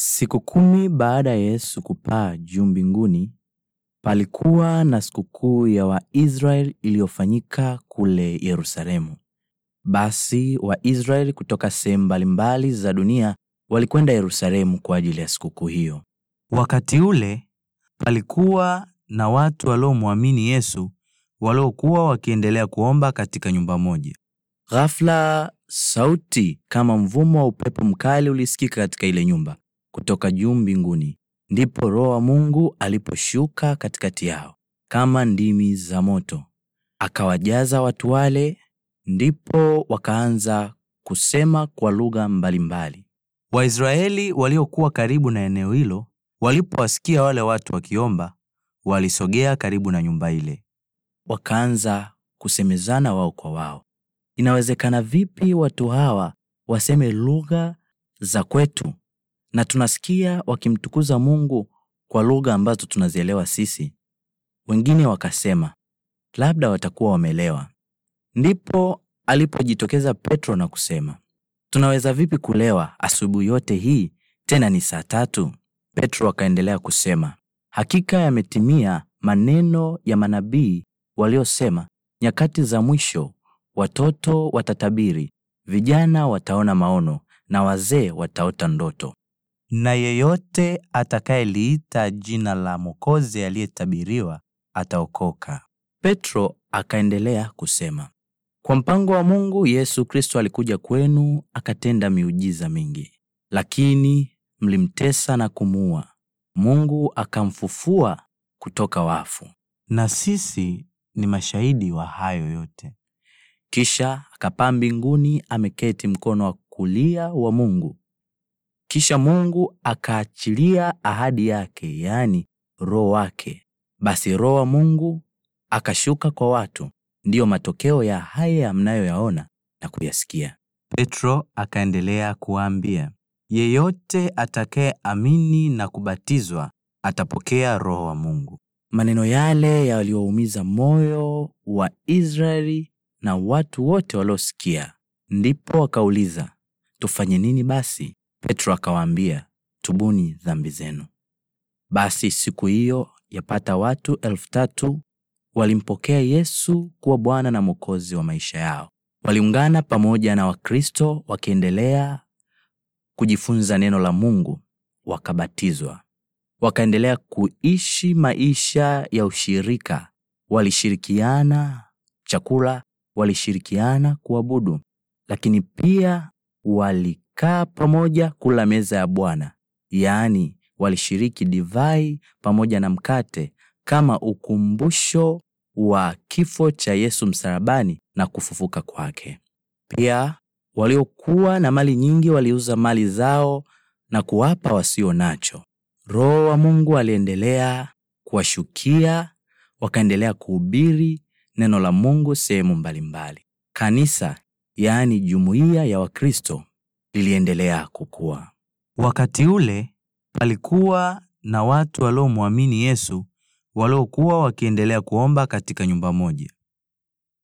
Siku kumi baada ya Yesu kupaa juu mbinguni, palikuwa na sikukuu ya Waisraeli iliyofanyika kule Yerusalemu. Basi Waisraeli kutoka sehemu mbalimbali za dunia walikwenda Yerusalemu kwa ajili ya sikukuu hiyo. Wakati ule palikuwa na watu waliomwamini Yesu waliokuwa wakiendelea kuomba katika nyumba moja. Ghafla sauti kama mvumo wa upepo mkali ulisikika katika ile nyumba kutoka juu mbinguni. Ndipo Roho wa Mungu aliposhuka katikati yao kama ndimi za moto, akawajaza watu wale. Ndipo wakaanza kusema kwa lugha mbalimbali. Waisraeli waliokuwa karibu na eneo hilo walipowasikia wale watu wakiomba, walisogea karibu na nyumba ile, wakaanza kusemezana wao kwa wao, inawezekana vipi watu hawa waseme lugha za kwetu na tunasikia wakimtukuza Mungu kwa lugha ambazo tunazielewa sisi. Wengine wakasema labda watakuwa wamelewa. Ndipo alipojitokeza Petro na kusema, tunaweza vipi kulewa asubuhi yote hii, tena ni saa tatu? Petro akaendelea kusema, hakika yametimia maneno ya manabii waliosema, nyakati za mwisho watoto watatabiri, vijana wataona maono na wazee wataota ndoto na yeyote atakayeliita jina la Mwokozi aliyetabiriwa ataokoka. Petro akaendelea kusema, kwa mpango wa Mungu Yesu Kristo alikuja kwenu akatenda miujiza mingi, lakini mlimtesa na kumuua. Mungu akamfufua kutoka wafu, na sisi ni mashahidi wa hayo yote. Kisha akapaa mbinguni, ameketi mkono wa kulia wa Mungu kisha Mungu akaachilia ahadi yake, yaani roho wake. Basi roho wa Mungu akashuka kwa watu, ndiyo matokeo ya haya mnayoyaona na kuyasikia. Petro akaendelea kuwaambia, yeyote atakayeamini na kubatizwa atapokea roho wa Mungu. Maneno yale yaliyoumiza moyo wa Israeli na watu wote waliosikia. Ndipo wakauliza, tufanye nini basi? Petro akawaambia, tubuni dhambi zenu. Basi siku hiyo yapata watu elfu tatu walimpokea Yesu kuwa Bwana na Mwokozi wa maisha yao. Waliungana pamoja na Wakristo wakiendelea kujifunza neno la Mungu, wakabatizwa. Wakaendelea kuishi maisha ya ushirika, walishirikiana chakula, walishirikiana kuabudu, lakini pia wali walikaa pamoja kula meza ya Bwana, yaani walishiriki divai pamoja na mkate kama ukumbusho wa kifo cha Yesu msalabani na kufufuka kwake. Pia waliokuwa na mali nyingi waliuza mali zao na kuwapa wasio nacho. Roho wa Mungu aliendelea kuwashukia, wakaendelea kuhubiri neno la Mungu sehemu mbalimbali. Kanisa, yaani jumuiya ya Wakristo, liliendelea kukua. Wakati ule palikuwa na watu waliomwamini Yesu waliokuwa wakiendelea kuomba katika nyumba moja.